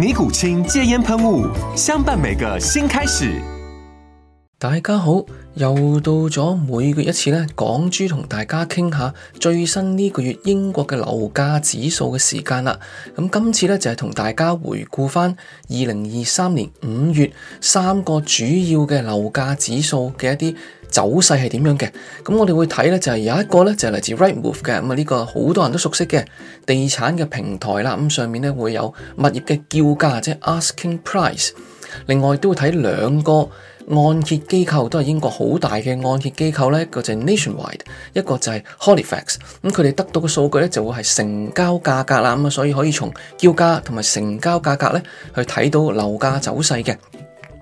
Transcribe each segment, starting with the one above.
尼古清戒煙噴霧，相伴每個新開始。大家好，又到咗每個月一次呢，港豬同大家傾下最新呢個月英國嘅樓價指數嘅時間啦。咁今次呢，就係同大家回顧翻二零二三年五月三個主要嘅樓價指數嘅一啲。走勢係點樣嘅？咁我哋會睇咧，就係有一個咧、right，就係嚟自 Rightmove 嘅，咁啊呢個好多人都熟悉嘅地產嘅平台啦。咁上面咧會有物業嘅叫價，即係 asking price。另外都會睇兩個按揭機構，都係英國好大嘅按揭機構咧，一個就係 Nationwide，一個就係 Halifax。咁佢哋得到嘅數據咧，就會係成交價格啦。咁啊，所以可以從叫價同埋成交價格咧，去睇到樓價走勢嘅。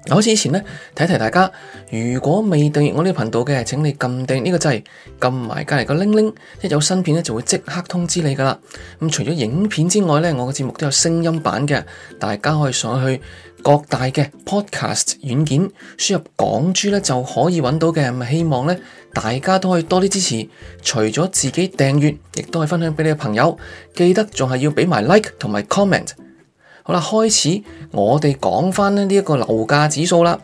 開始之前呢，提一提大家，如果未訂閱我呢個頻道嘅，請你撳定呢個掣，撳埋隔籬個鈴鈴，一有新片呢就會即刻通知你㗎啦。咁除咗影片之外呢，我嘅節目都有聲音版嘅，大家可以上去各大嘅 Podcast 軟件輸入港珠呢就可以搵到嘅。咁希望呢，大家都可以多啲支持，除咗自己訂閱，亦都可以分享俾你嘅朋友，記得仲係要俾埋 like 同埋 comment。好啦，開始我哋講翻呢一個樓價指數啦。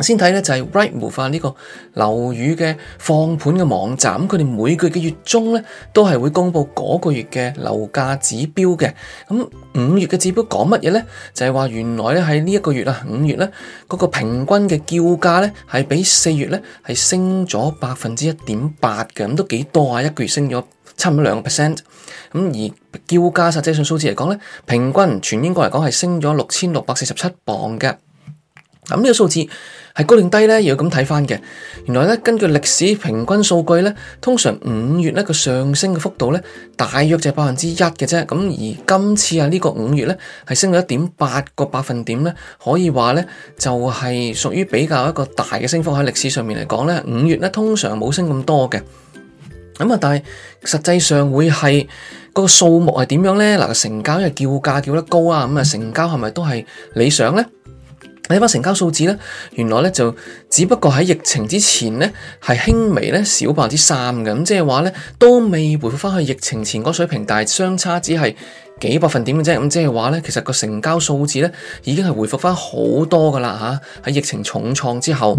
先睇咧就係 Rightmove，呢個樓宇嘅放盤嘅網站，咁佢哋每個嘅月，月中咧都係會公布嗰個月嘅樓價指標嘅。咁五月嘅指標講乜嘢咧？就係、是、話原來咧喺呢一個月啊，五月咧嗰、那個平均嘅叫價咧係比四月咧係升咗百分之一點八嘅，咁都幾多啊！一個月升咗。差唔多兩個 percent，咁而叫價實際數字嚟講咧，平均全英國嚟講係升咗六千六百四十七磅嘅。咁、這個、呢個數字係高定低咧，又要咁睇翻嘅。原來咧根據歷史平均數據咧，通常五月咧個上升嘅幅度咧，大約就係百分之一嘅啫。咁而，而今次啊呢個五月咧，係升咗一點八個百分點咧，可以話咧就係屬於比較一個大嘅升幅喺歷史上面嚟講咧，五月咧通常冇升咁多嘅。咁啊，但係實際上會係個數目係點樣呢？嗱，成交因為叫價叫得高啊，咁啊，成交係咪都係理想呢？睇返成交數字呢，原來呢就只不過喺疫情之前呢係輕微呢少百分之三嘅，咁即係話呢都未回復翻去疫情前嗰水平，但係相差只係幾百分點嘅啫。咁即係話呢，其實個成交數字呢已經係回復翻好多噶啦吓，喺疫情重創之後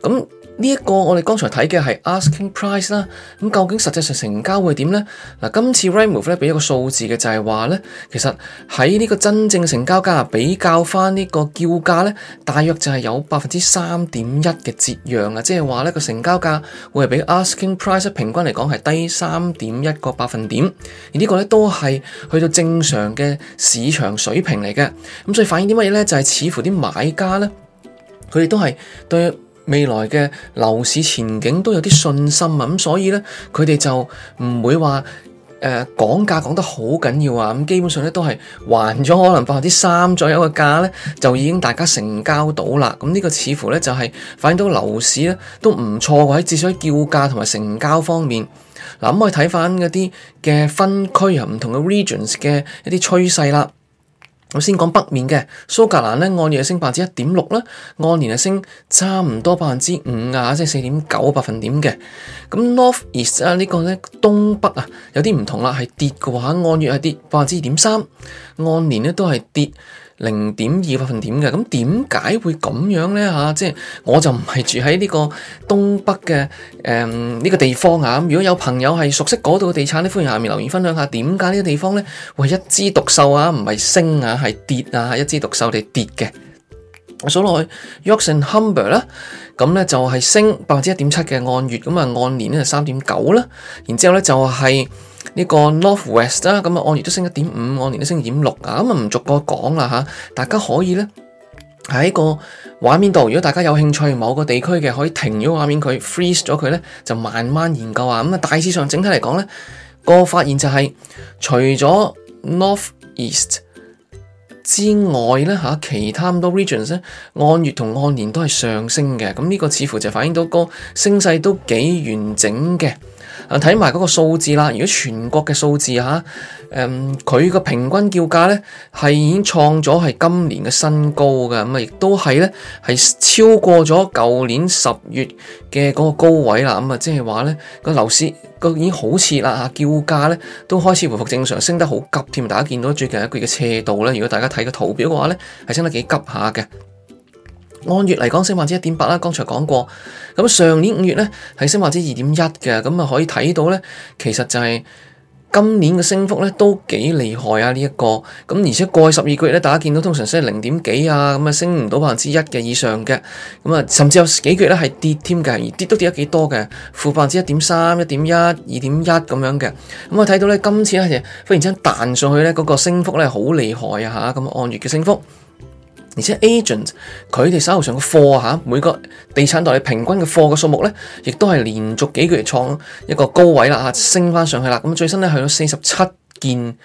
咁。呢一個我哋剛才睇嘅係 asking price 啦，咁究竟實際上成交會點呢？嗱，今次 Rightmove 呢俾一個數字嘅就係話呢，其實喺呢個真正成交價比較翻呢個叫價呢，大約就係有百分之三點一嘅折讓啊，即係話呢個成交價會係比 asking price 平均嚟講係低三點一個百分點，而呢個呢都係去到正常嘅市場水平嚟嘅，咁所以反映啲乜嘢呢？就係、是、似乎啲買家呢，佢哋都係對。未來嘅樓市前景都有啲信心啊，咁所以咧，佢哋就唔會話誒講價講得好緊要啊，咁基本上咧都係還咗可能百分之三左右嘅價咧，就已經大家成交到啦。咁呢個似乎咧就係反映到樓市咧都唔錯喎，喺至少喺叫價同埋成交方面。嗱，咁可以睇翻嗰啲嘅分區啊，唔同嘅 regions 嘅一啲趨勢啦。首先講北面嘅蘇格蘭咧，按月升百分之一點六啦，按年係升差唔多百分之五啊，即係四點九百分點嘅。咁 North East 啊呢個咧東北啊有啲唔同啦，係跌嘅話，按月係跌百分之二點三，按年咧都係跌。零點二百分點嘅，咁點解會咁樣呢？吓、就是，即係我就唔係住喺呢個東北嘅誒呢個地方啊。咁如果有朋友係熟悉嗰度嘅地產，呢歡迎下面留言分享下點解呢個地方呢會一枝獨秀啊，唔係升啊，係跌啊，一枝獨秀地跌嘅。我數落去 Yorkshire and Humber 啦，咁呢就係升百分之一點七嘅按月，咁啊按年呢就三點九啦。然之後呢就係、是。呢個 North West 啦，咁啊按月都升一點五，按年都升一點六啊，咁啊唔逐個講啦、吓、大家可以咧喺個畫面度，如果大家有興趣某個地區嘅，可以停咗畫面佢 freeze 咗佢咧，就慢慢研究下啊。咁啊大致上整體嚟講咧，個發現就係、是、除咗 North East 之外咧、吓、其他咁多 regions 咧按月同按年都係上升嘅，咁呢個似乎就反映到個升勢都幾完整嘅。啊，睇埋嗰個數字啦，如果全國嘅數字吓，誒、嗯，佢個平均叫價咧係已經創咗係今年嘅新高噶，咁啊，亦都係咧係超過咗舊年十月嘅嗰個高位啦，咁、就、啊、是，即係話咧個樓市個已經好似啦吓，叫價咧都開始回復正常，升得好急添，大家見到最近一個月嘅斜度咧，如果大家睇個圖表嘅話咧，係升得幾急下嘅。按月嚟講，升百分之一點八啦。剛才講過，咁上年五月咧係升百分之二點一嘅，咁啊可以睇到咧，其實就係今年嘅升幅咧都幾厲害啊！呢一個咁，而且過去十二個月咧，大家見到通常都係零點幾啊，咁啊升唔到百分之一嘅以上嘅，咁啊甚至有幾個月咧係跌添嘅，而跌都跌得幾多嘅，負百分之一點三、一點一、二點一咁樣嘅。咁啊睇到咧，今次咧就忽然之間彈上去咧，嗰個升幅咧好厲害啊！嚇，咁按月嘅升幅。而且 agent 佢哋手頭上嘅貨，啊、每個地產代理平均嘅貨嘅數目呢，亦都係連續幾個月創一個高位啦，啊、升翻上去啦。咁最新呢，去到四十七件。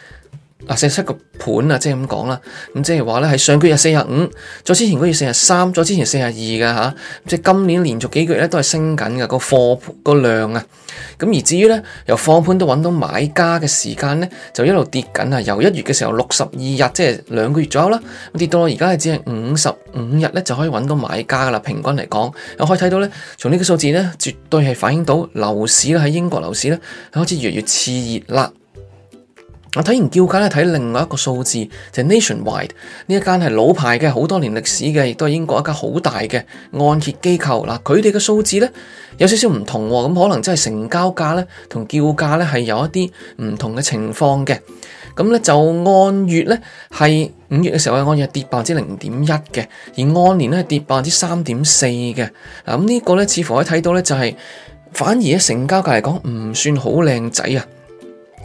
四十七個盤啊，即係咁講啦。咁即係話呢，喺上個月四十五，再之前嗰月四十三，再之前四十二嘅嚇。即係今年連續幾個月咧都係升緊嘅個貨個量啊。咁而至於咧，由放盤都揾到買家嘅時間咧，就一路跌緊啊。由一月嘅時候六十二日，即係兩個月左右啦，跌到而家係只係五十五日咧就可以揾到買家噶啦。平均嚟講，又可以睇到咧，從呢個數字咧，絕對係反映到樓市咧喺英國樓市咧開始越嚟越熾熱啦。我睇完叫價咧，睇另外一個數字，就係、Nationwide 呢一間係老牌嘅，好多年歷史嘅，亦都係英國一間好大嘅按揭機構嗱。佢哋嘅數字咧有少少唔同喎，咁可能真係成交價咧同叫價咧係有一啲唔同嘅情況嘅。咁咧就按月咧係五月嘅時候，按月跌百分之零點一嘅，而按年咧係跌百分之三點四嘅嗱。咁呢個咧似乎可以睇到咧、就係，就係反而喺成交價嚟講唔算好靚仔啊。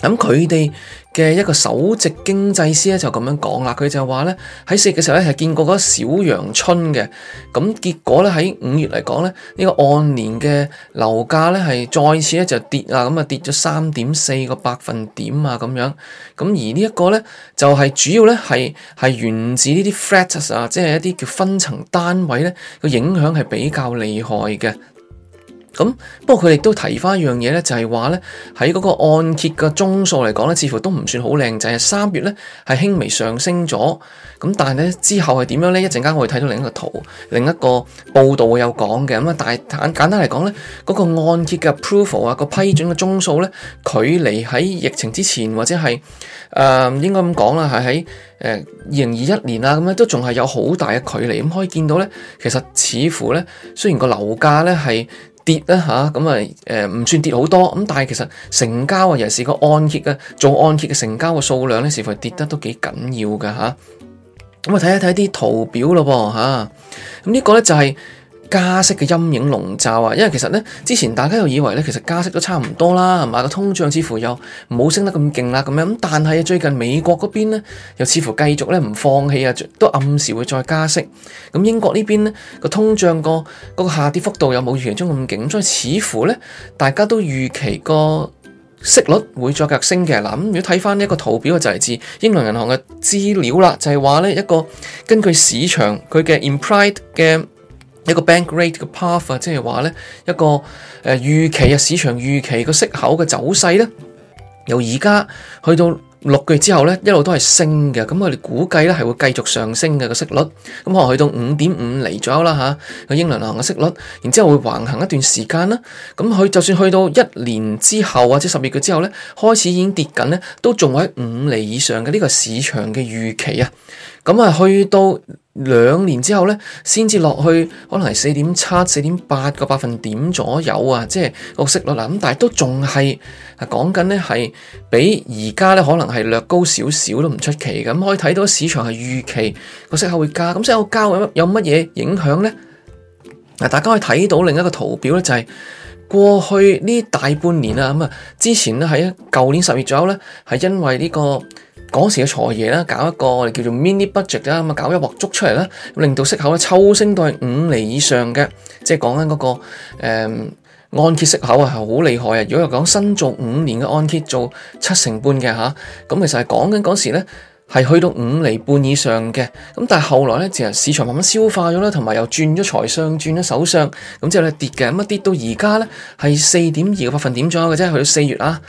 咁佢哋嘅一個首席經濟師咧就咁樣講啦，佢就話咧喺四月嘅時候咧係見過嗰個小陽春嘅，咁結果咧喺五月嚟講咧呢、呢個按年嘅樓價咧係再次咧就跌啦，咁啊跌咗三點四個百分點啊咁樣，咁而呢一個咧就係、係、主要咧係係源自呢啲 flats 啊，即係一啲叫分層單位咧個影響係比較厲害嘅。咁不過佢哋都提翻一樣嘢咧，就係話咧喺嗰個按揭嘅宗數嚟講咧，似乎都唔算好靚，就係、是、三月咧係輕微上升咗。咁但係咧之後係點樣咧？一陣間我會睇到另一個圖，另一個報道會有講嘅。咁啊，但係簡單嚟講咧，嗰、那個按揭嘅 approval 啊，個批准嘅宗數咧，距離喺疫情之前或者係誒、呃、應該咁講啦，係喺誒二零二一年啊咁咧都仲係有好大嘅距離。咁可以見到咧，其實似乎咧，雖然個樓價咧係。跌啦嚇，咁啊誒唔算跌好多，咁但係其實成交啊，尤其是個按揭嘅做按揭嘅成交嘅數量咧，似乎跌得都幾緊要嘅吓，咁啊睇一睇啲圖表咯噃吓，咁呢個咧就係、是。加息嘅陰影籠罩啊，因為其實呢，之前大家又以為呢，其實加息都差唔多啦，係嘛個通脹似乎又冇升得咁勁啦咁樣。咁但係最近美國嗰邊呢，又似乎繼續呢，唔放棄啊，都暗示會再加息。咁、嗯、英國呢邊呢，個通脹個個個下跌幅度又冇預期中咁勁，所以似乎呢，大家都預期個息率會再繼續升嘅嗱。咁、嗯、如果睇翻呢一個圖表嘅就係、是、自英倫銀行嘅資料啦，就係、是、話呢一個根據市場佢嘅 implied 嘅。一個 bank rate 嘅 path 啊，即係話咧一個誒預期啊，市場預期個息口嘅走勢咧，由而家去到六個月之後咧，一路都係升嘅，咁我哋估計咧係會繼續上升嘅、個息率。咁可能去到五點五厘左右啦嚇，個、啊、英倫銀行嘅息率，然之後會橫行一段時間啦。咁佢就算去到一年之後或者十個月之後咧，開始已經跌緊咧，都仲喺五厘以上嘅呢、呢個市場嘅預期啊。咁啊，去到兩年之後咧，先至落去可能係四點七、四點八個百分點左右啊，即係個息率啦，咁但係都仲係講緊咧，係比而家咧可能係略高少少都唔出奇。咁可以睇到市場係預期個息口會加。咁息口加有乜嘢影響咧？嗱，大家可以睇到另一個圖表咧，就係、是、過去呢大半年啊，咁啊，之前咧喺舊年十月左右咧，係因為呢、這個。嗰時嘅財爺啦，搞一個我哋叫做 mini budget 啦，咁啊搞一鑊粥出嚟啦，令到息口抽升到係五釐以上嘅，即係講緊嗰個誒、嗯、按揭息口係好厲害啊！如果又講新做五年嘅按揭做七成半嘅嚇，咁其實係講緊嗰時呢係去到五厘半以上嘅，咁但係後來呢，其實市場慢慢消化咗啦，同埋又轉咗財相轉咗首相，咁之後呢，跌嘅，乜跌到而家呢係四點二個百分點左右嘅啫，去到四月啦。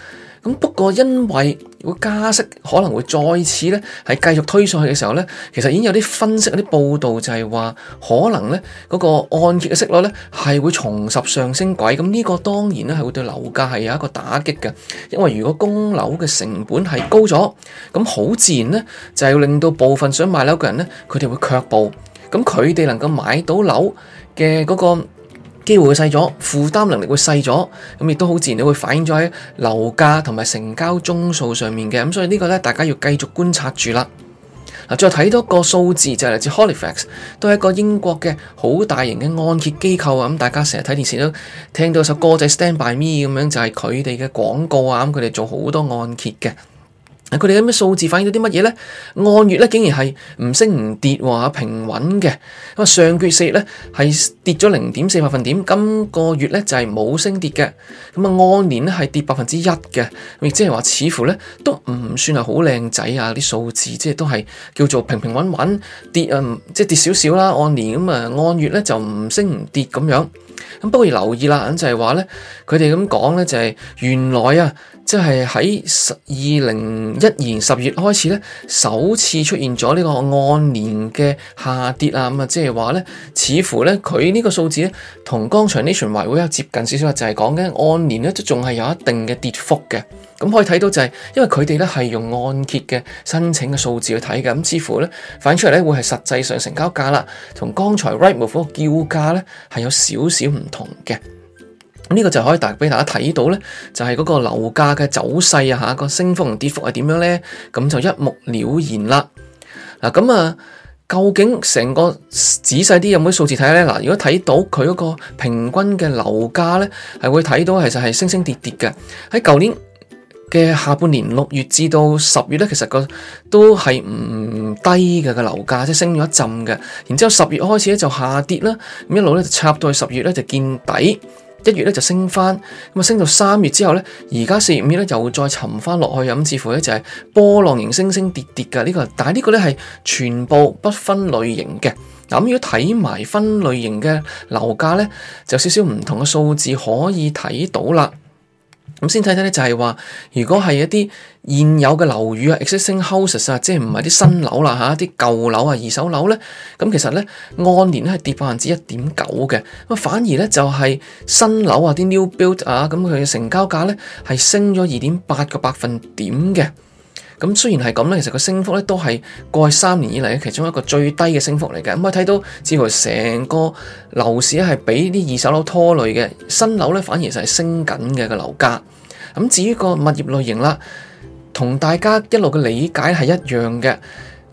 不過，因為如果加息可能會再次呢，係繼續推上去嘅時候呢，其實已經有啲分析、有啲報道就係話，可能呢嗰個按揭嘅息率呢係會重拾上升軌，咁呢個當然呢係會對樓價係有一個打擊嘅，因為如果供樓嘅成本係高咗，咁好自然呢，就係令到部分想買樓嘅人呢，佢哋會卻步，咁佢哋能夠買到樓嘅嗰個機會會細咗，負擔能力會細咗，咁亦都好自然會反映咗喺樓價同埋成交宗數上面嘅，咁所以呢個咧大家要繼續觀察住啦。嗱，再睇多個數字就係嚟自 Halifax 都係一個英國嘅好大型嘅按揭機構啊，咁大家成日睇電視都聽到首歌仔《Stand by me》咁樣，就係佢哋嘅廣告啊，咁佢哋做好多按揭嘅。佢哋嘅咩數字反映到啲乜嘢咧？按月咧竟然係唔升唔跌喎，平穩嘅。咁啊，上個月四月咧係跌咗零點四百分點，今個月咧就係、是、冇升跌嘅。咁啊，按年咧係跌百分之一嘅，亦即係話似乎咧都唔算係好靚仔啊啲數字，即係都係叫做平平穩穩跌啊，即係跌少少啦。按年咁啊，按月咧就唔升唔跌咁樣。咁不過要留意啦，就係話咧，佢哋咁講咧就係、是、原來啊。即係喺二零一二年十月開始咧，首次出現咗呢個按年嘅下跌啊！咁啊，即係話咧，似乎咧佢呢個數字咧，同剛才 Nationwide 會有接近少少啊，就係講緊按年咧都仲係有一定嘅跌幅嘅。咁、嗯、可以睇到就係、是、因為佢哋咧係用按揭嘅申請嘅數字去睇嘅，咁、嗯、似乎咧反映出嚟咧會係實際上成交價啦，同剛才 Rightmove 嗰個叫價咧係有少少唔同嘅。呢個就可以，達俾大家睇到咧，就係嗰個樓價嘅走勢啊！嚇個升幅同跌幅係點樣咧？咁就一目了然啦。嗱，咁啊，究竟成個仔細啲有冇啲數字睇下咧？嗱，如果睇到佢嗰個平均嘅樓價咧，係會睇到其實係升升跌跌嘅。喺舊年嘅下半年六月至到十月咧，其實個都係唔低嘅個樓價，即係升咗一陣嘅。然之後十月開始咧就下跌啦，咁一路咧就插到去十月咧就見底。一月咧就升翻，咁啊升到三月之後咧，而家四月五月咧又再沉翻落去，咁似乎咧就係波浪型升升跌跌噶呢個，但係呢個咧係全部不分類型嘅。咁如果睇埋分類型嘅樓價咧，就少少唔同嘅數字可以睇到啦。咁先睇睇咧，就係話如果係一啲現有嘅樓宇啊，existing houses 啊，即係唔係啲新樓啦嚇，啲舊樓啊、二手樓咧，咁其實咧按年咧係跌百分之一點九嘅，咁反而咧就係新樓啊，啲 new build 啊，咁佢嘅成交價咧係升咗二點八個百分點嘅。咁雖然係咁咧，其實個升幅咧都係過去三年以嚟其中一個最低嘅升幅嚟嘅。咁可以睇到似乎成個樓市係俾啲二手樓拖累嘅，新樓咧反而就係升緊嘅個樓價。咁至於個物業類型啦，同大家一路嘅理解係一樣嘅。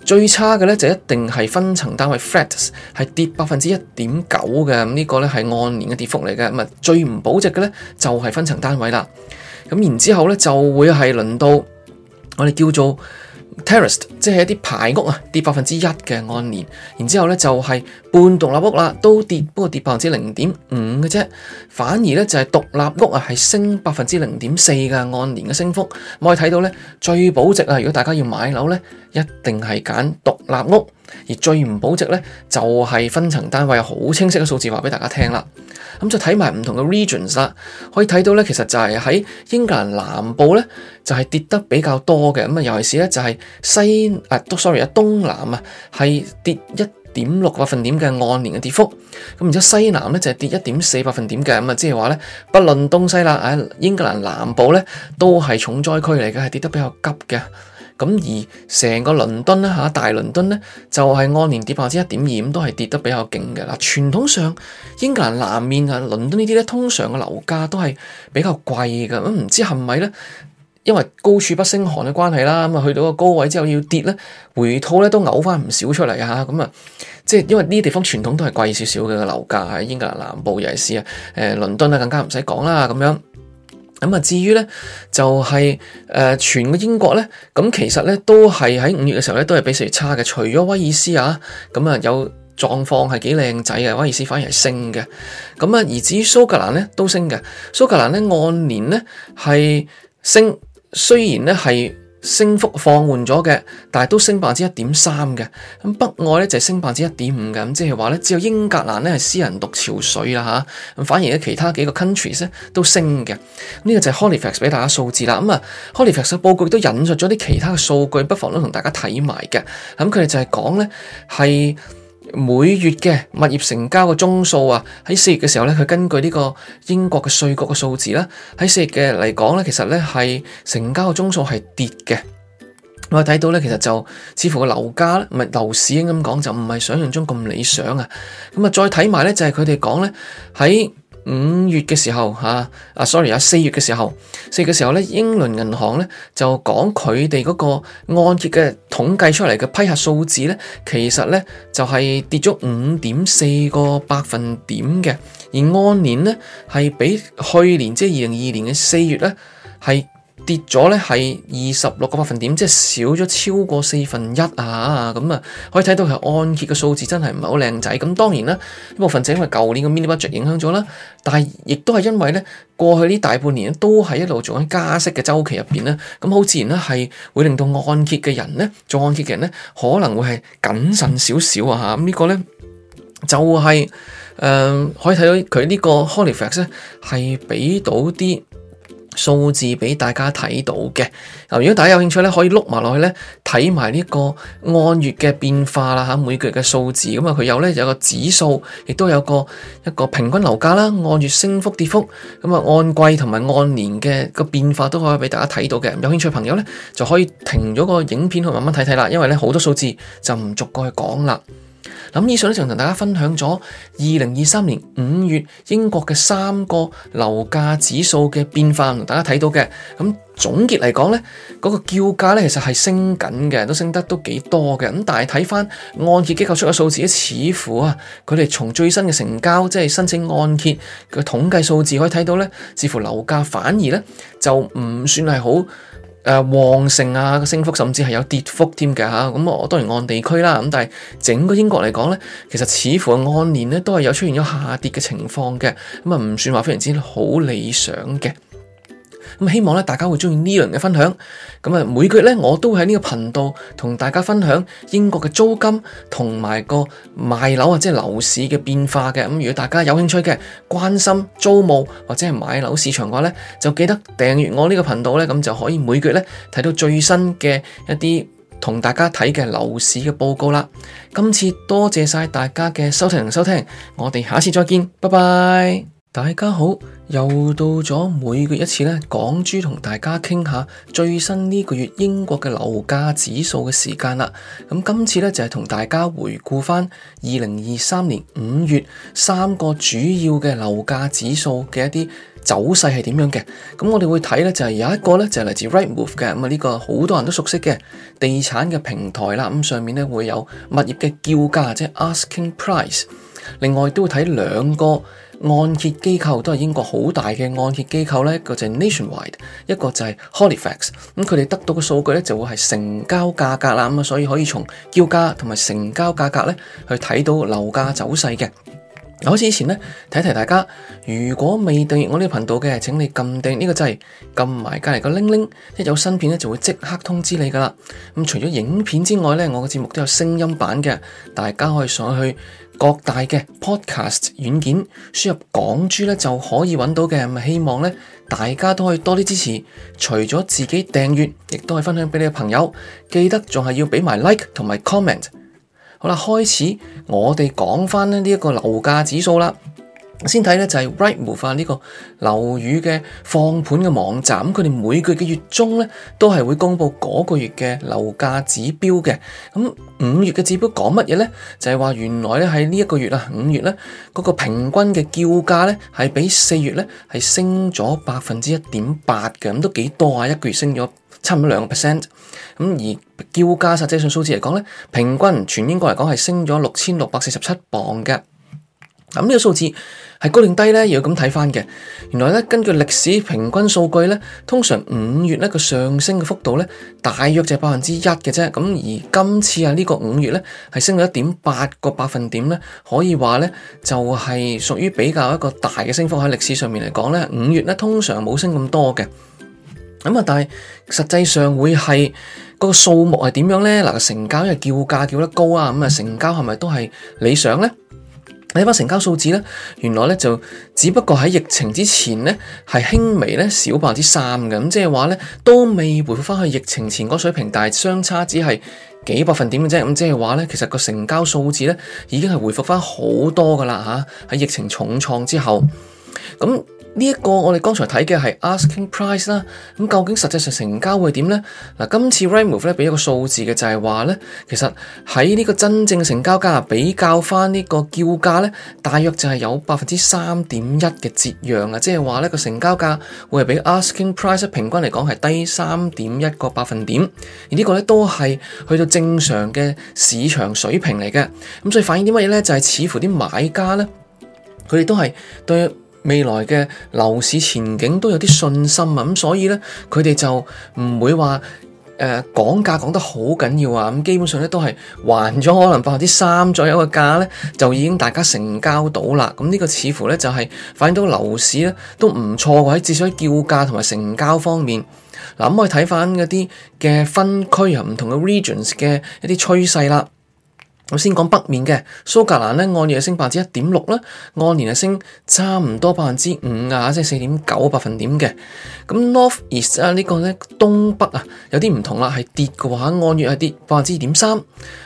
最差嘅咧就一定係分層單位 flat，係 跌百分之一點九嘅。咁呢、呢個咧係按年嘅跌幅嚟嘅。咁啊最唔保值嘅咧就係分層單位啦。咁然之後咧就會係輪到。我哋叫做 terrace 即係一啲排屋啊，跌百分之一嘅按年。然後呢就係半獨立屋啦，都跌不過跌百分之零點五嘅啫。反而呢就係獨立屋啊，係升百分之零點四嘅按年嘅升幅。我可以睇到呢，最保值啊！如果大家要買樓呢，一定係揀獨立屋。而最唔保值咧，就係、是、分層單位好清晰嘅數字話畀大家聽啦。咁就睇埋唔同嘅 regions 啦，可以睇到咧，其實就係喺英格蘭南部咧，就係、是、跌得比較多嘅。咁啊，尤其是咧就係西啊，sorry 啊，sorry, 東南啊，係跌一點六百分點嘅按年嘅跌幅。咁，然之後西南咧就係跌一點四百分點嘅。咁啊，即係話咧，不論東西啦，英格蘭南部咧都係重災區嚟嘅，係跌得比較急嘅。咁而成個倫敦啦吓，大倫敦咧就係按年跌百分之一點二，咁，都係跌得比較勁嘅啦。傳統上英格蘭南面啊，倫敦呢啲咧，通常嘅樓價都係比較貴嘅。咁唔知係咪咧？因為高處不勝寒嘅關係啦，咁啊，去到個高位之後要跌咧，回吐咧都嘔翻唔少出嚟啊！咁啊，即係因為呢啲地方傳統都係貴少少嘅樓價喺英格蘭南部，尤其是啊，誒倫敦啊，更加唔使講啦，咁樣。咁啊，至於呢，就係、是、誒、呃、全個英國呢，咁其實呢都係喺五月嘅時候呢都係比四月差嘅，除咗威爾斯啊，咁啊有狀況係幾靚仔嘅，威爾斯反而係升嘅，咁啊而至於蘇格蘭呢，都升嘅，蘇格蘭呢，按年呢係升，雖然呢係，升幅放緩咗嘅，但係都升百分之一點三嘅。咁北愛咧就升百分之一點五嘅，咁即係話咧只有英格蘭咧係私人獨潮水啦嚇。咁反而咧其他幾個 countries 咧都升嘅。呢、這個就係 Halifax 俾大家數字啦。咁啊 Halifax 嘅報告亦都引述咗啲其他嘅數據，不妨都同大家睇埋嘅。咁佢哋就係講咧係。每月嘅物業成交嘅宗數啊，喺四月嘅時候咧，佢根據呢個英國嘅稅局嘅數字啦，喺四月嘅嚟講咧，其實咧係成交嘅宗數係跌嘅。我睇到咧，其實就似乎個樓價咧，唔係樓市應該咁講就唔係想象中咁理想啊。咁啊再睇埋咧就係佢哋講咧喺。五月嘅時候，吓、ah, 啊，sorry，四月嘅時候，四月嘅時候咧，英倫銀行咧就講佢哋嗰個按揭嘅統計出嚟嘅批核數字咧，其實咧就係、是、跌咗五點四個百分點嘅，而按年咧係比去年即係二零二二年嘅四月咧係。跌咗咧，係二十六個百分點，即係少咗超過四分一啊！咁啊，可以睇到佢按揭嘅數字真係唔係好靚仔。咁、啊、當然啦，呢部分就因為舊年嘅 mini budget 影響咗啦，但係亦都係因為咧過去呢大半年都係一路做緊加息嘅周期入面咧，咁好自然咧係會令到按揭嘅人咧做按揭嘅人咧可能會係謹慎少少啊！嚇咁呢個咧就係、是、誒、呃、可以睇到佢呢個 Halifax 咧係俾到啲數字俾大家睇到嘅，如果大家有興趣呢，可以碌埋落去呢睇埋呢個按月嘅變化啦，每個月嘅數字，咁佢有呢有個指數，亦都有個一個平均樓價啦，按月升幅跌幅，咁啊按季同埋按年嘅個變化都可以俾大家睇到嘅，有興趣嘅朋友呢，就可以停咗個影片去慢慢睇睇啦，因為呢好多數字就唔逐個去講啦。以上就同大家分享咗二零二三年五月英國嘅三個樓價指數嘅變化，同大家睇到嘅。咁總結嚟講咧，嗰個叫價咧其實係升緊嘅，都升得都幾多嘅。咁但係睇翻按揭機構出嘅數字咧，似乎啊，佢哋從最新嘅成交，即係申請按揭嘅統計數字可以睇到咧，似乎樓價反而咧就唔算係好。誒旺盛啊，個升幅甚至係有跌幅添嘅嚇，咁啊我當然按地區啦，咁但係整個英國嚟講咧，其實似乎按年咧都係有出現咗下跌嘅情況嘅，咁啊唔算話非常之好理想嘅。希望大家會中意呢輪嘅分享。每個月我都喺呢個頻道同大家分享英國嘅租金同埋個賣樓或者係樓市嘅變化嘅。如果大家有興趣嘅，關心租務或者係買樓市場嘅話，就記得訂閱我呢個頻道，就可以每個月咧睇到最新嘅一啲同大家睇嘅樓市嘅報告啦。今次多謝晒大家嘅收聽和收聽，我哋下次再見，拜拜，大家好。又到咗每個月一次呢，港豬同大家傾下最新呢個月英國嘅樓價指數嘅時間啦。咁今次呢，就係同大家回顧翻二零二三年五月三個主要嘅樓價指數嘅一啲走勢係點樣嘅。咁我哋會睇呢，就係有一個呢，就係嚟自 Rightmove 嘅，咁啊呢個好多人都熟悉嘅地產嘅平台啦。咁上面呢，會有物業嘅叫價即係 asking price，另外都會睇兩個。按揭機構都係英國好大嘅按揭機構呢個就係 Nationwide，一個就係 Halifax 咁佢哋得到嘅數據呢，就會係成交價格啦。咁啊，所以可以從叫價同埋成交價格呢，去睇到樓價走勢嘅。嗱，好似以前呢，提提大家，如果未訂閱我呢個頻道嘅，請你撳定呢個掣，撳埋隔離個鈴鈴，一有新片呢，就會即刻通知你噶啦。咁除咗影片之外呢，我嘅節目都有聲音版嘅，大家可以上去。各大嘅 podcast 軟件輸入港珠就可以揾到嘅，希望大家都可以多啲支持，除咗自己訂閱，亦都可以分享俾你嘅朋友，記得仲係要俾埋 like 同埋 comment。好啦，開始我哋講翻呢一個樓價指數啦。先睇呢就係 Rightmove，呢個樓宇嘅放盤嘅網站，佢哋每個月嘅月中呢都係會公佈嗰個月嘅樓價指標嘅。咁五月嘅指標講乜嘢呢？就係、是、話原來呢喺呢一個月啊，五月呢嗰、那個平均嘅叫價呢係比四月呢係升咗百分之一點八嘅，咁都幾多啊？一個月升咗差唔多兩個 percent。咁而叫價實際上數字嚟講呢，平均全英國嚟講係升咗六千六百四十七磅嘅。咁呢個數字係高定低呢？又要咁睇翻嘅。原來呢，根據歷史平均數據呢，通常五月呢個上升嘅幅度呢，大約就係百分之一嘅啫。咁而，而今次啊，呢個五月呢，係升咗一點八個百分點呢。可以話呢，就係、是、屬於比較一個大嘅升幅。喺歷史上面嚟講呢，五月呢通常冇升咁多嘅。咁啊，但係實際上會係、個數目係點樣呢？嗱，成交因為叫價叫得高啊，咁啊，成交係咪都係理想呢？呢筆成交數字呢，原來呢就只不過喺疫情之前呢，係輕微呢少百分之三嘅，咁即係話呢，都未回復翻去疫情前個水平，但係相差只係幾百分點嘅啫，咁即係話呢，其實個成交數字呢，已經係回復翻好多噶啦吓，喺疫情重創之後咁。呢一個我哋剛才睇嘅係 asking price 啦，咁究竟實際上成交會點呢？嗱，今次 Rightmove 咧，俾一個數字嘅就係話咧，其實喺呢個真正成交價比較翻呢個叫價咧，大約就係有百分之三點一嘅折讓啊，即係話咧，個成交價會係比 asking price 平均嚟講係低三點一個百分點，而呢個咧都係去到正常嘅市場水平嚟嘅，咁所以反映啲乜嘢咧？就係似乎啲買家咧，佢哋都係對。未來嘅樓市前景都有啲信心啊！咁所以咧，佢哋就唔會話誒講價講得好緊要啊！咁基本上咧都係還咗可能百分之三左右嘅價咧，就已經大家成交到啦。咁呢個似乎咧就係反映到樓市咧都唔錯喎，喺至少喺叫價同埋成交方面。嗱，我哋睇翻嗰啲嘅分區啊，唔同嘅 regions 嘅一啲趨勢啦。我先講北面嘅蘇格蘭咧，按月升百分之一點六啦，按年係升差唔多百分之五啊，即係四點九百分點嘅。咁 North East 啊，呢個咧東北啊有啲唔同啦，係跌嘅話，按月係跌百分之二點三，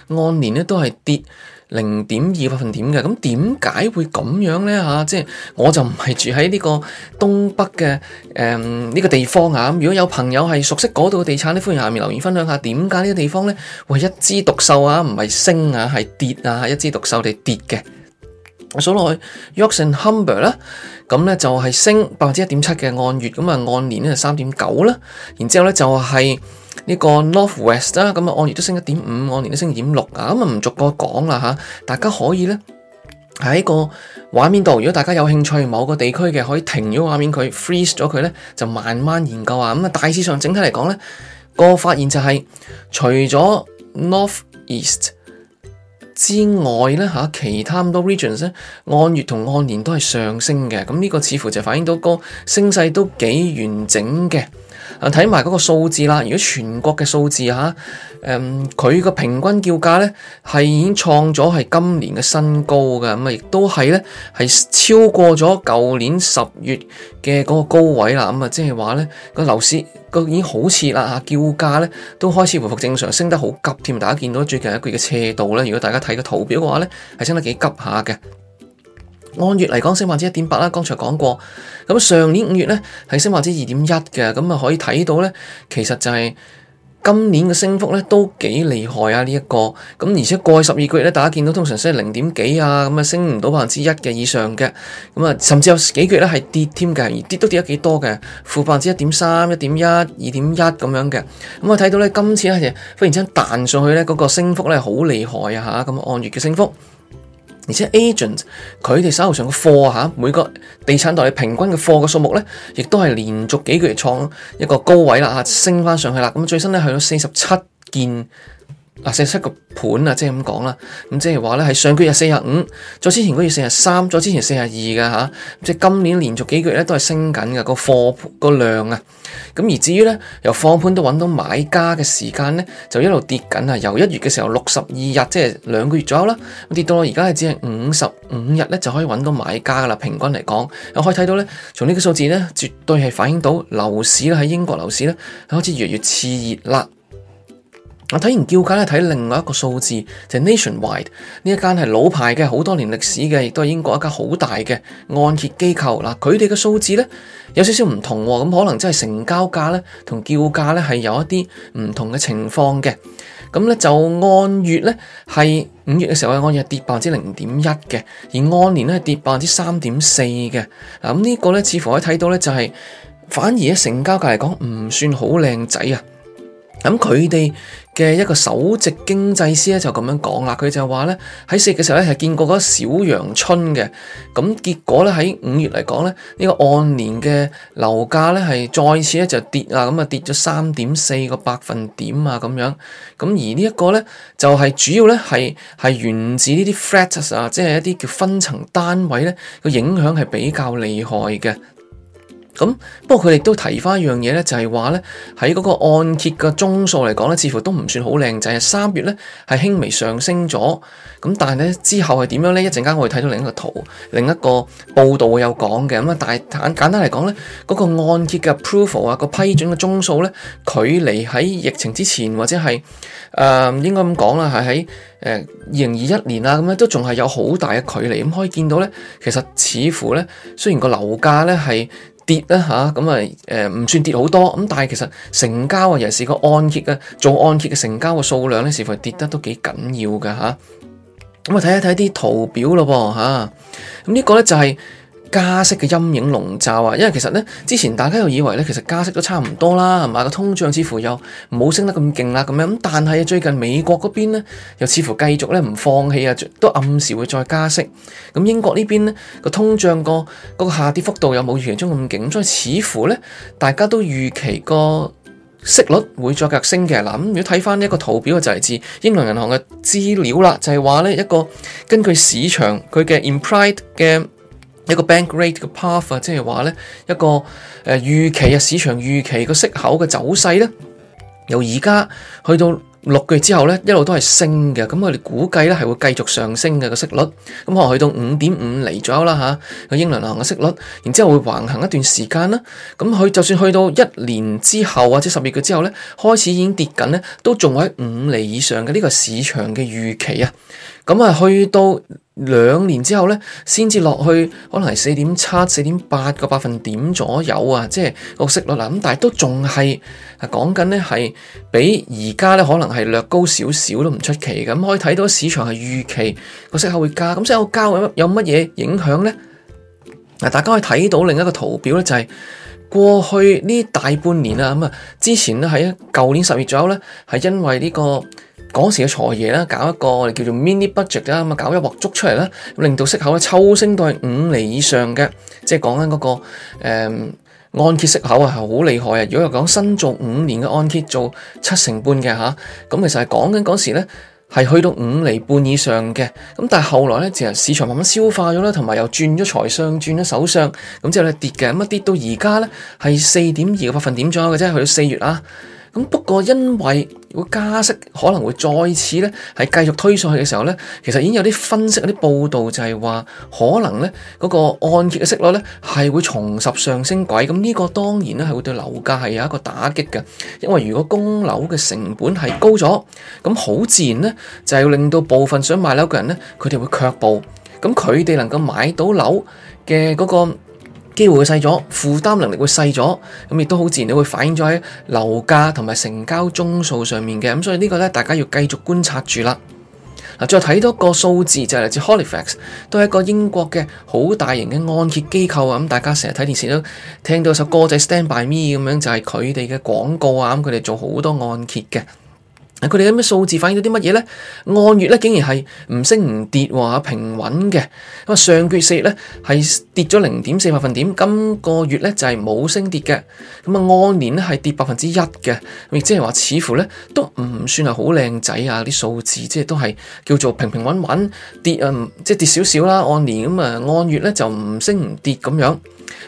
按年咧都係跌。零點二百分點嘅，咁點解會咁樣呢？吓、啊，即係我就唔係住喺呢個東北嘅誒呢個地方啊。咁如果有朋友係熟悉嗰度嘅地產，歡迎下面留言分享下點解呢個地方咧會一枝獨秀啊？唔係升啊，係跌啊，一枝獨秀地跌嘅。我數落去 Yorks and Humber 啦，咁咧就係升百分之一點七嘅按月，咁啊按年咧就三點九啦。然之後咧就係、是。呢個 North West 咁啊按月都升一點五，按年都升一點六啊，咁啊唔逐個講啦、啊、大家可以咧喺個畫面度，如果大家有興趣某個地區嘅，可以停咗畫面佢 freeze 咗佢咧，就慢慢研究下。咁、嗯、啊大致上整體嚟講咧，個發現就係、是、除咗 North East 之外咧、啊、其他咁多 regions 咧，按月同按年都係上升嘅，咁、嗯、呢、這個似乎就反映到個升勢都幾完整嘅。啊，睇埋嗰個數字啦，如果全國嘅數字嚇，誒、嗯，佢個平均叫價咧係已經創咗係今年嘅新高嘅，咁啊亦都係咧係超過咗舊年十月嘅嗰個高位啦，咁啊即係話咧個樓市個已經好似嗱叫價咧都開始回復正常，升得好急添，大家見到最近一個月嘅斜度咧，如果大家睇個圖表嘅話咧，係升得幾急下嘅。按月嚟講升百分之一點八啦，剛才講過。咁上年五月咧係升百分之二點一嘅，咁啊可以睇到咧，其實就係今年嘅升幅咧都幾厲害啊！呢一個咁而且過去十二個月咧大家見到通常都係零點幾啊，咁啊升唔到百分之一嘅以上嘅，咁啊甚至有幾個月咧係跌添嘅，而跌都跌得幾多嘅，負百分之一點三、一點一、二點一咁樣嘅。咁啊睇到咧今次咧就忽然之間彈上去咧，嗰個升幅咧好厲害啊！嚇，咁按月嘅升幅。而且 agent 佢哋手頭上嘅貨吓，啊，每個地產代理平均嘅貨嘅數目呢，亦都係連續幾個月創一個高位啦，啊，升返上去啦。咁最新呢，去到四十七件。啊，四十七個盤啊，即係咁講啦。咁即係話咧，係上個月四十五，再之前嗰月四十三，再之前四十二嘅吓。即係今年連續幾個月咧都係升緊嘅個貨個量啊。咁而至於咧，由放盤都揾到買家嘅時間咧，就一路跌緊啊。由一月嘅時候六十二日，即係兩個月左右啦，跌到而家係只係五十五日咧，就可以揾到買家噶啦。平均嚟講，又可以睇到咧，從呢個數字咧，絕對係反映到樓市咧喺英國樓市咧開始越嚟越熾熱啦。我睇完叫價咧，睇另外一個數字，就係、Nationwide 呢一間係老牌嘅，好多年歷史嘅，亦都係英國一間好大嘅按揭機構嗱。佢哋嘅數字咧有少少唔同喎，咁可能真係成交價咧同叫價咧係有一啲唔同嘅情況嘅。咁咧就按月咧係五月嘅時候，按月跌百分之零點一嘅，而按年咧係跌百分之三點四嘅。嗱咁呢個咧似乎可以睇到咧、就係，就係反而喺成交價嚟講唔算好靚仔啊。咁佢哋嘅一個首席經濟師咧就咁樣講啦，佢就話咧喺四月嘅時候咧係見過個小陽春嘅，咁結果咧喺五月嚟講咧呢個按年嘅樓價咧係再次咧就跌啦，咁啊跌咗三點四個百分點啊咁樣，咁而呢一個咧就係主要咧係係源自呢啲 flats 啊，即係一啲叫分層單位咧個影響係比較厲害嘅。咁不過佢哋都提翻一樣嘢咧，就係話咧喺嗰個按揭嘅宗數嚟講咧，似乎都唔算好靚仔。就係三月咧係輕微上升咗，咁但係咧之後係點樣咧？一陣間我會睇到另一個圖，另一個報道會有講嘅。咁啊，但係簡簡單嚟講咧，嗰個按揭嘅 approval 啊，個批准嘅宗數咧，距離喺疫情之前或者係誒、呃、應該咁講啦，係喺誒二零二一年啊咁樣都仲係有好大嘅距離。咁可以見到咧，其實似乎咧，雖然個樓價咧係跌啦嚇，咁啊誒唔算跌好多，咁但係其實成交啊，尤其是個按揭嘅做按揭嘅成交嘅數量咧，似乎跌得都幾緊要嘅吓，咁啊睇一睇啲圖表咯噃吓，咁呢個咧就係、是。加息嘅陰影籠罩啊，因為其實呢，之前大家又以為呢，其實加息都差唔多啦，係嘛，個通脹似乎又冇升得咁勁啦咁樣咁，但係最近美國嗰邊呢，又似乎繼續咧唔放棄啊，都暗示會再加息。咁英國呢邊呢，這個通脹個個個下跌幅度又冇預期中咁勁，所以似乎呢，大家都預期個息率會再繼續升嘅嗱。咁如果睇翻呢一個圖表嘅就係自英倫銀行嘅資料啦，就係、是、話呢一個根據市場佢嘅 implied 嘅。一個 bank rate 嘅 path 啊，即係話咧一個誒預期啊，市場預期個息口嘅走勢咧，由而家去到六個月之後咧，一路都係升嘅，咁我哋估計咧係會繼續上升嘅、個息率，咁可能去到五點五厘左右啦嚇，個英倫銀行嘅息率，然之後會橫行一段時間啦，咁佢就算去到一年之後或者十個月之後咧，開始已經跌緊咧，都仲喺五厘以上嘅呢個市場嘅預期啊。咁啊，去到兩年之後咧，先至落去，可能係四點七、四點八個百分點左右啊，即係個息率啦。咁但係都仲係講緊咧，係比而家咧，可能係略高少少都唔出奇。咁可以睇到市場係預期個息口會加，咁息口加有交有乜嘢影響咧？嗱，大家可以睇到另一個圖表咧，就係、是、過去呢大半年啊，咁啊，之前咧喺舊年十月左右咧，係因為呢、這個。嗰時嘅財爺啦，搞一個我哋叫做 mini budget 啦，咁啊搞一鑊粥出嚟啦，令到息口咧抽升到係五釐以上嘅，即係講緊嗰個誒、嗯、按揭息口係好厲害呀。如果又講新做五年嘅按揭做七成半嘅嚇，咁其實係講緊嗰時呢係去到五厘半以上嘅，咁但係後來呢，就係市場慢慢消化咗啦，同埋又轉咗財商轉咗首相，咁之後呢，跌嘅，乜跌到而家呢係四點二個百分點左右嘅啫，去到四月啊，咁不過因為。如果加息可能會再次呢，係繼續推上去嘅時候呢，其實已經有啲分析、有啲報道就係話可能呢，嗰、那個按揭嘅息率呢，係會重拾上升軌，咁呢個當然呢係會對樓價係有一個打擊嘅，因為如果供樓嘅成本係高咗，咁好自然呢，就係、是、令到部分想買樓嘅人呢，佢哋會卻步，咁佢哋能夠買到樓嘅嗰、那個。機會會細咗，負擔能力會細咗，咁亦都好自然會反映咗喺樓價同埋成交宗數上面嘅，咁所以呢個咧大家要繼續觀察住啦。嗱，再睇多個數字就係、是、嚟自 Halifax 都係一個英國嘅好大型嘅按揭機構啊，咁大家成日睇電視都聽到首歌仔《Stand By Me》咁樣，就係佢哋嘅廣告啊，咁佢哋做好多按揭嘅。佢哋嘅咩數字反映到啲乜嘢咧？按月咧竟然係唔升唔跌喎，平穩嘅。咁啊，上個月四月咧係跌咗零點四百分點，今個月咧就係、是、冇升跌嘅。咁啊，按年咧係跌百分之一嘅，亦即係話似乎咧都唔算係好靚仔啊！啲數字即係都係叫做平平穩穩跌啊，即係跌少少啦。按年咁啊，按月咧就唔升唔跌咁樣。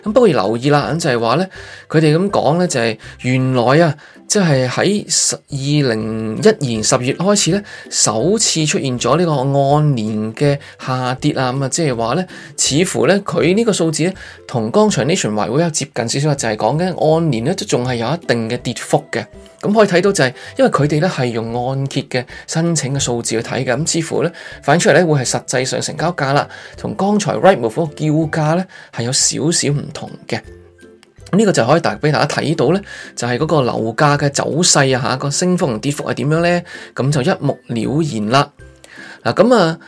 咁不過要留意啦，就係話咧，佢哋咁講咧就係、是、原來啊。即係喺十二零一年十月開始咧，首次出現咗呢個按年嘅下跌啊！咁啊，即係話咧，似乎咧佢呢個數字咧，同剛才 Nationwide 會有接近少少，就係講緊按年咧都仲係有一定嘅跌幅嘅。咁、嗯、可以睇到就係、是，因為佢哋咧係用按揭嘅申請嘅數字去睇嘅，咁、嗯、似乎咧反映出嚟咧會係實際上成交價啦，同剛才 Rightmove 嗰個叫價咧係有少少唔同嘅。呢個就可以大俾大家睇到咧，就係嗰個樓價嘅走勢啊！嚇，個升幅跌幅係點樣咧？咁就一目了然啦。嗱，咁啊，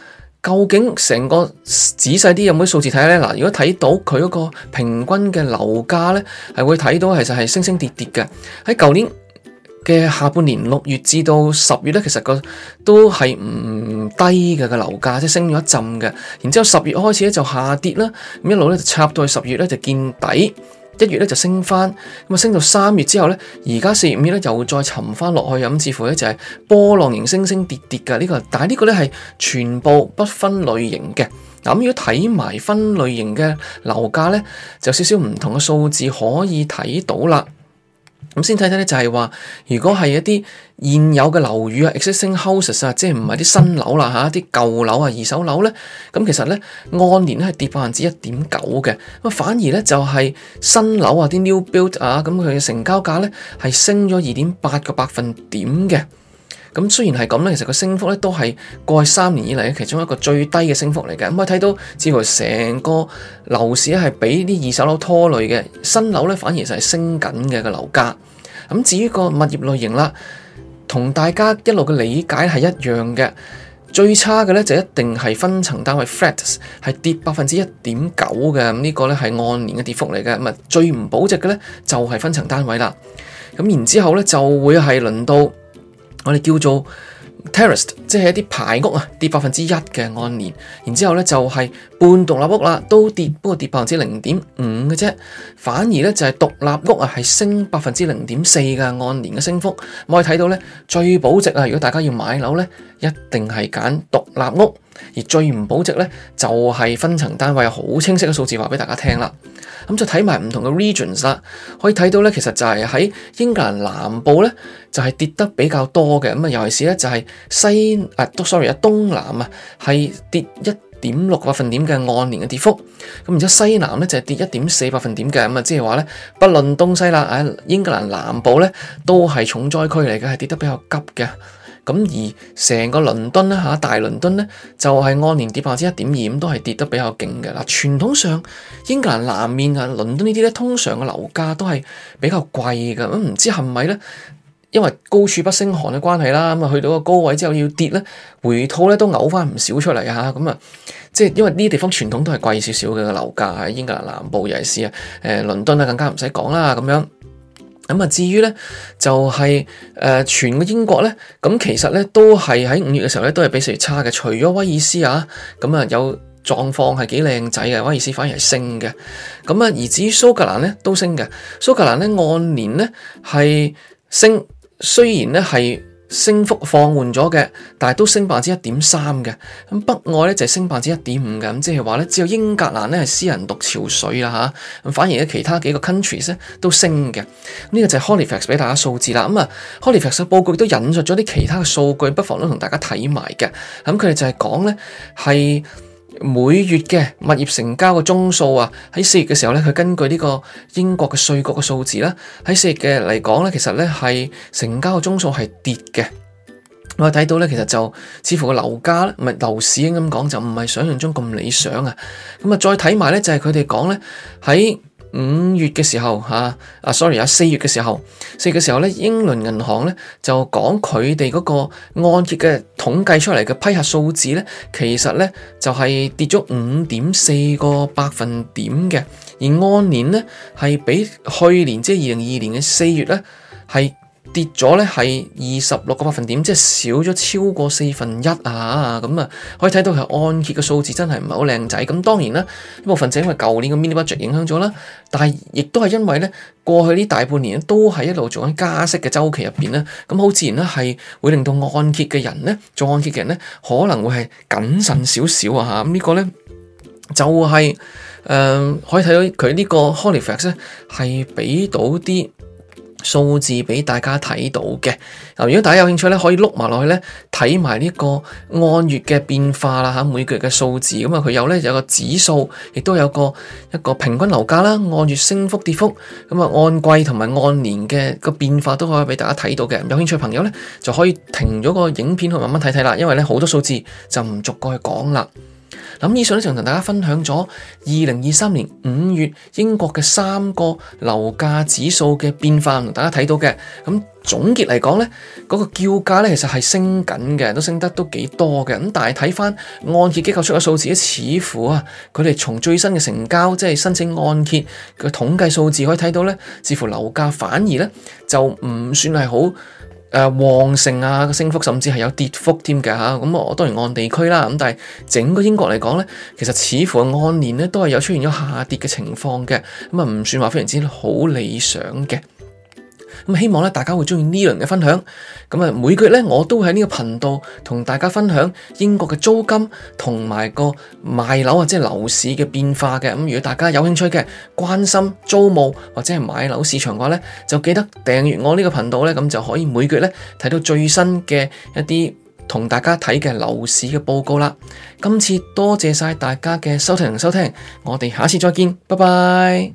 究竟成個仔細啲有冇啲數字睇下咧？嗱，如果睇到佢嗰個平均嘅樓價咧，係會睇到其實係升升跌跌嘅。喺舊年嘅下半年六月至到十月咧，其實個都係唔低嘅個樓價，即係升咗一陣嘅。然之後十月開始咧就下跌啦，咁一路咧就插到去十月咧就見底。一月咧就升翻，咁啊升到三月之後咧，而家四月五月咧又再沉翻落去，咁似乎咧就係波浪形升升跌跌噶呢個，但係呢個咧係全部不分類型嘅。嗱咁要睇埋分類型嘅樓價咧，就少少唔同嘅數字可以睇到啦。咁先睇睇咧就係話，如果係一啲。現有嘅樓宇啊，existing houses 啊，ouses，即係唔係啲新樓啦吓，啲舊樓啊，二手樓咧，咁其實咧按年咧係跌百分之一點九嘅。咁，反而咧就係新樓啊啲 new build 啊，咁佢嘅成交價咧係升咗二點八個百分點嘅。咁雖然係咁咧，其實個升幅咧都係過去三年以嚟其中一個最低嘅升幅嚟嘅。咁我睇到似乎成個樓市係俾啲二手樓拖累嘅，新樓咧反而就係升緊嘅個樓價。咁至於個物業類型啦。同大家一路嘅理解係一樣嘅，最差嘅呢就一定係分層單位 flats 係跌百分之一點九嘅，呢、呢個呢係按年嘅跌幅嚟嘅，咁啊最唔保值嘅呢就係分層單位啦，咁然之後呢就會係輪到我哋叫做。terraced 即係一啲排屋啊，跌百分之一嘅按年，然後呢就係半獨立屋啦，都跌，不過跌百分之零點五嘅啫。反而呢就係獨立屋啊，係升百分之零點四嘅按年嘅升幅。我哋睇到呢，最保值啊，如果大家要買樓呢，一定係揀獨立屋。而最唔保值咧，就係分層單位，好清晰嘅數字話俾大家聽啦。咁就睇埋唔同嘅 regions 啦，可以睇到咧，其實就係喺英格蘭南部咧，就係跌得比較多嘅。咁啊，尤其是咧就係西啊，都 sorry 啊東南啊，係跌一點六百分點嘅按年嘅跌幅。咁然之後西南咧就係跌一點四百分點嘅。咁啊，即係話咧，不論東西啦，英格蘭南部咧都係重災區嚟嘅，係跌得比較急嘅。咁而成個倫敦啦吓，大倫敦咧就係按年跌百分之一點二咁，都係跌得比較勁嘅啦。傳統上英格蘭南面啊，倫敦呢啲咧，通常嘅樓價都係比較貴嘅。咁唔知係咪咧？因為高處不勝寒嘅關係啦，咁啊去到個高位之後要跌咧，回吐咧都嘔翻唔少出嚟啊！咁啊，即係因為呢啲地方傳統都係貴少少嘅，樓價喺英格蘭南部，尤其是啊，誒倫敦啊更加唔使講啦咁樣至於呢，就係、是呃、全個英國呢，咁其實呢都係喺五月嘅時候呢，都係比四月差嘅，除咗威爾斯啊，咁、嗯、有狀況係幾靚仔嘅，威爾斯反而係升嘅，咁而至於蘇格蘭呢，都升嘅，蘇格蘭呢，按年呢係升，雖然呢係，是升幅放緩咗嘅，但係都升百分之一點三嘅。咁北愛咧就是、升百分之一點五咁，即係話咧只有英格蘭咧係私人獨潮水啦嚇。咁反而咧其他幾個 countries 咧都升嘅。呢、這個就係 Halifax 俾大家數字啦。咁啊，Halifax 嘅報告亦都引述咗啲其他嘅數據，不妨都同大家睇埋嘅。咁佢哋就係講咧係。每月嘅物業成交嘅宗數啊，喺四月嘅時候咧，佢根據呢個英國嘅稅局嘅數字啦，喺四月嘅嚟講咧，其實咧係成交嘅宗數係跌嘅。我哋睇到咧，其實就似乎個樓價咧，咪樓市咁講就唔係想象中咁理想啊。咁啊，再睇埋咧就係佢哋講咧喺五月嘅時候吓，啊 sorry，啊，四月嘅時候，四、啊啊、月嘅時候咧，英倫銀行咧就講佢哋嗰個按揭嘅。統計出嚟嘅批核數字呢，其實呢就係、是、跌咗五點四個百分點嘅，而按年呢，係比去年即係二零二二年嘅四月呢，係跌咗咧，係二十六個百分點，即係少咗超過四分一啊！咁啊，可以睇到佢按揭嘅數字真係唔係好靚仔。咁、啊、當然啦，呢部分就因為舊年嘅 mini budget 影響咗啦，但係亦都係因為咧過去呢大半年都係一路做緊加息嘅周期入面咧，咁好自然咧係會令到按揭嘅人咧做按揭嘅人咧可能會係謹慎少少啊！嚇、嗯，咁呢個咧就係、是、誒、呃、可以睇到佢呢個 Halifax 咧係俾到啲。數字俾大家睇到嘅，如果大家有興趣呢，可以碌埋落去呢睇埋呢個按月嘅變化啦嚇，每個月嘅數字，咁佢有呢有個指數，亦都有個一個平均樓價啦，按月升幅跌幅，咁啊按季同埋按年嘅個變化都可以俾大家睇到嘅，有興趣嘅朋友呢，就可以停咗個影片去慢慢睇睇啦，因為呢好多數字就唔逐個去講啦。咁以上呢，就同大家分享咗二零二三年五月英國嘅三個樓價指數嘅變化，同大家睇到嘅。咁總結嚟講，呢嗰個叫價呢，其實係升緊嘅，都升得都幾多嘅。咁但係睇翻按揭機構出嘅數字呢，似乎啊，佢哋從最新嘅成交，即係申請按揭嘅統計數字可以睇到呢，似乎樓價反而呢，就唔算係好。誒旺盛啊，升幅，甚至係有跌幅添嘅吓，咁我當然按地區啦，咁但係整個英國嚟講咧，其實似乎按年咧都係有出現咗下跌嘅情況嘅，咁啊唔算話非常之好理想嘅。希望大家會中意呢輪嘅分享。每個月我都喺呢個頻道同大家分享英國嘅租金同埋賣樓或者係樓市嘅變化嘅。如果大家有興趣嘅，關心租務或者係買樓市場嘅話呢，就記得訂閱我呢個頻道，就可以每個月睇到最新嘅一啲同大家睇嘅樓市嘅報告啦。今次多謝晒大家嘅收聽和收聽，我哋下次再見，拜拜。